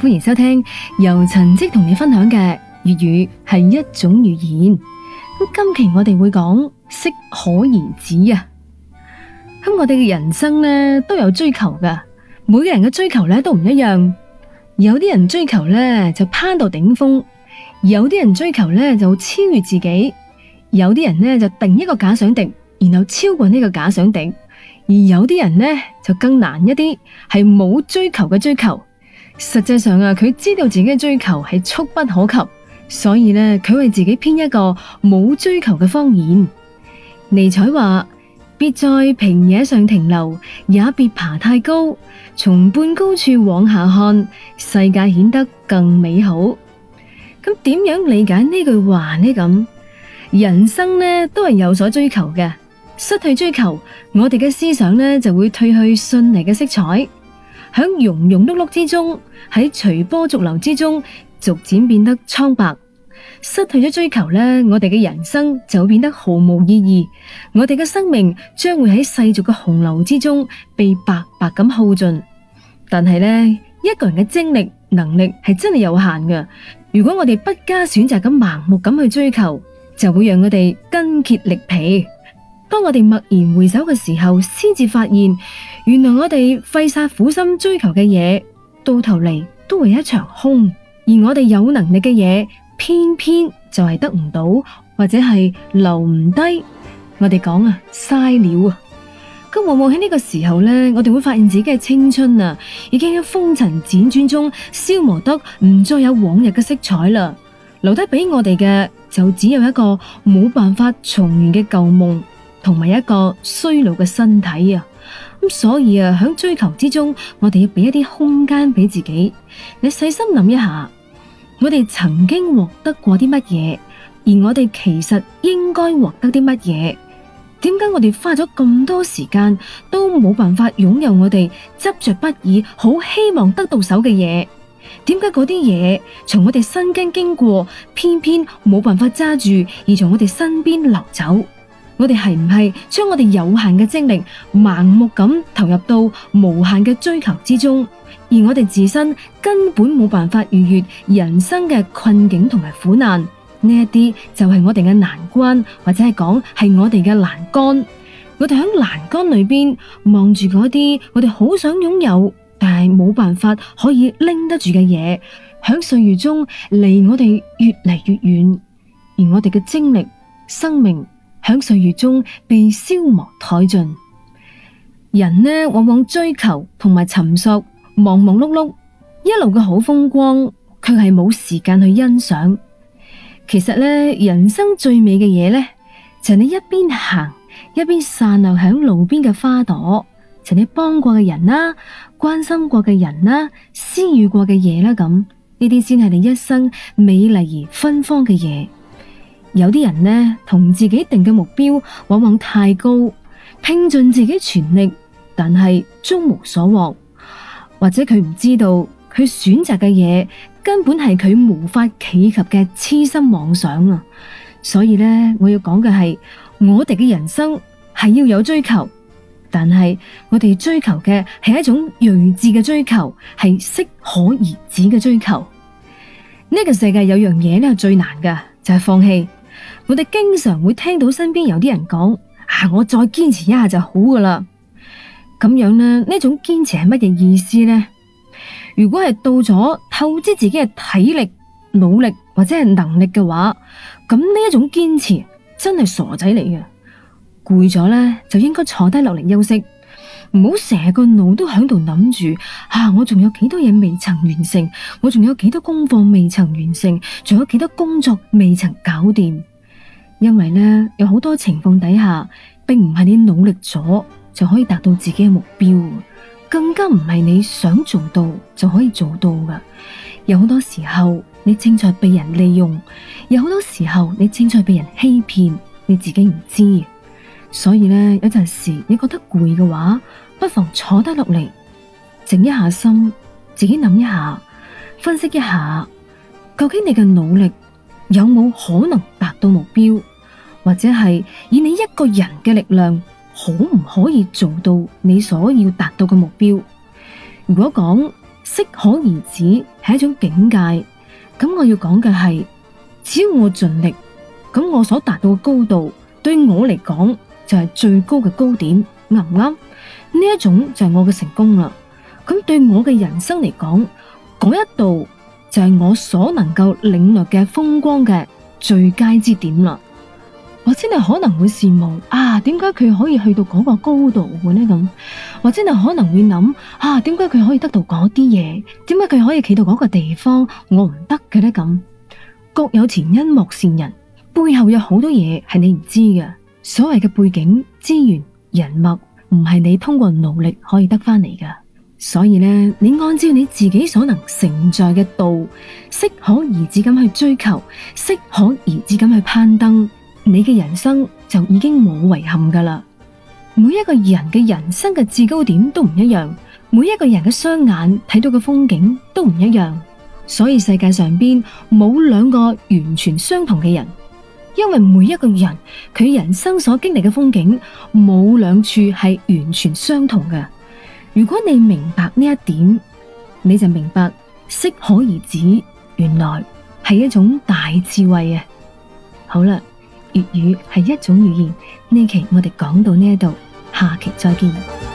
歡迎收聽由陳迹同你分享嘅粵語係一種語言。今期我哋會講適可而止啊！我哋嘅人生呢都有追求噶，每個人嘅追求呢都唔一樣。有啲人追求呢就攀到頂峰，有啲人追求呢就超越自己，有啲人呢就定一個假想敵，然後超過呢個假想敵，而有啲人呢就更難一啲，係冇追求嘅追求。實際上啊，佢知道自己嘅追求係觸不可及，所以呢，佢為自己編一個冇追求嘅謊言。尼采話：別在平野上停留，也別爬太高。從半高處往下看，世界顯得更美好。咁點樣理解呢句話呢？咁人生呢都係有所追求嘅，失去追求，我哋嘅思想呢就會褪去絢麗嘅色彩。喺庸庸碌碌之中，喺隨波逐流之中，逐漸變得蒼白，失去咗追求呢，我哋嘅人生就會變得毫無意義，我哋嘅生命將會喺世俗嘅洪流之中被白白咁耗盡。但係呢，一個人嘅精力能力係真係有限嘅，如果我哋不加選擇咁盲目咁去追求，就會讓我哋筋竭力疲。當我哋默然回首嘅時候，先至發現原來我哋費煞苦心追求嘅嘢，到頭嚟都係一場空；而我哋有能力嘅嘢，偏偏就係得唔到或者係留唔低我。我哋講啊，嘥了啊。咁往往喺呢個時候呢，我哋會發現自己嘅青春啊，已經喺風塵輾轉中消磨得唔再有往日嘅色彩啦。留低俾我哋嘅就只有一個冇辦法重圓嘅舊夢。同埋一個衰老嘅身體啊，咁所以啊，響追求之中，我哋要俾一啲空間俾自己。你細心諗一下，我哋曾經獲得過啲乜嘢，而我哋其實應該獲得啲乜嘢？點解我哋花咗咁多時間都冇辦法擁有我哋執着不已、好希望得到手嘅嘢？點解嗰啲嘢從我哋身邊經過，偏偏冇辦法揸住，而從我哋身邊流走？我哋係唔係將我哋有限嘅精力盲目咁投入到無限嘅追求之中，而我哋自身根本冇辦法逾越人生嘅困境同埋苦難呢？呢啲就係我哋嘅難關，或者係講係我哋嘅欄杆。我哋喺欄杆裏邊望住嗰啲我哋好想擁有，但係冇辦法可以拎得住嘅嘢，響歲月中離我哋越嚟越遠，而我哋嘅精力、生命。喺歲月中被消磨殆盡，人呢往往追求同埋尋索，忙忙碌碌，一路嘅好風光，卻係冇時間去欣賞。其實呢，人生最美嘅嘢呢，就係你一邊行一邊散落響路邊嘅花朵，就係你幫過嘅人啦，關心過嘅人啦，施予過嘅嘢啦，咁呢啲先係你一生美麗而芬芳嘅嘢。有啲人呢，同自己定嘅目標往往太高，拼盡自己全力，但係終無所獲。或者佢唔知道，佢選擇嘅嘢根本係佢無法企及嘅痴心妄想啊！所以呢，我要講嘅係，我哋嘅人生係要有追求，但係我哋追求嘅係一種睿智嘅追求，係適可而止嘅追求。呢個世界有樣嘢呢係最難噶，就係放棄。我哋經常會聽到身邊有啲人講啊，我再堅持一下就好噶啦。咁樣呢？呢種堅持係乜嘢意思呢？如果係到咗透支自己嘅體力、努力或者係能力嘅話，咁呢一種堅持真係傻仔嚟嘅。攰咗呢，就應該坐低落嚟休息，唔好成個腦都喺度諗住啊！我仲有幾多嘢未曾完成，我仲有幾多功課未曾完成，仲有幾多工作未曾搞掂。因為呢，有好多情況底下，並唔係你努力咗就可以達到自己嘅目標，更加唔係你想做到就可以做到㗎。有好多時候你正在被人利用，有好多時候你正在被人欺騙，你自己唔知。所以呢，有陣時你覺得攰嘅話，不妨坐得落嚟，靜一下心，自己諗一下，分析一下，究竟你嘅努力有冇可能達到目標？或者係以你一個人嘅力量，可唔可以做到你所要達到嘅目標？如果講適可而止係一種境界，咁我要講嘅係，只要我盡力，咁我所達到嘅高度，對我嚟講就係最高嘅高點，啱唔啱？呢一種就係我嘅成功啦。咁對我嘅人生嚟講，嗰一度就係我所能夠領略嘅風光嘅最佳之點啦。或者你可能會羨慕啊，點解佢可以去到嗰個高度嘅呢？咁或者你可能會諗啊，點解佢可以得到嗰啲嘢？點解佢可以企到嗰個地方？我唔得嘅呢？咁。各有前因莫羨人，背後有好多嘢係你唔知嘅。所謂嘅背景資源人脈，唔係你通過努力可以得翻嚟嘅。所以咧，你按照你自己所能承載嘅度，適可而止咁去追求，適可而止咁去攀登。你嘅人生就已經冇遺憾㗎喇。每一個人嘅人生嘅至高點都唔一樣，每一個人嘅雙眼睇到嘅風景都唔一樣。所以世界上邊冇兩個完全相同嘅人，因為每一個人佢人生所經歷嘅風景冇兩處係完全相同嘅。如果你明白呢一點，你就明白適可而止，原來係一種大智慧啊！好啦。粵語係一種語言，呢期我哋講到呢度，下期再見。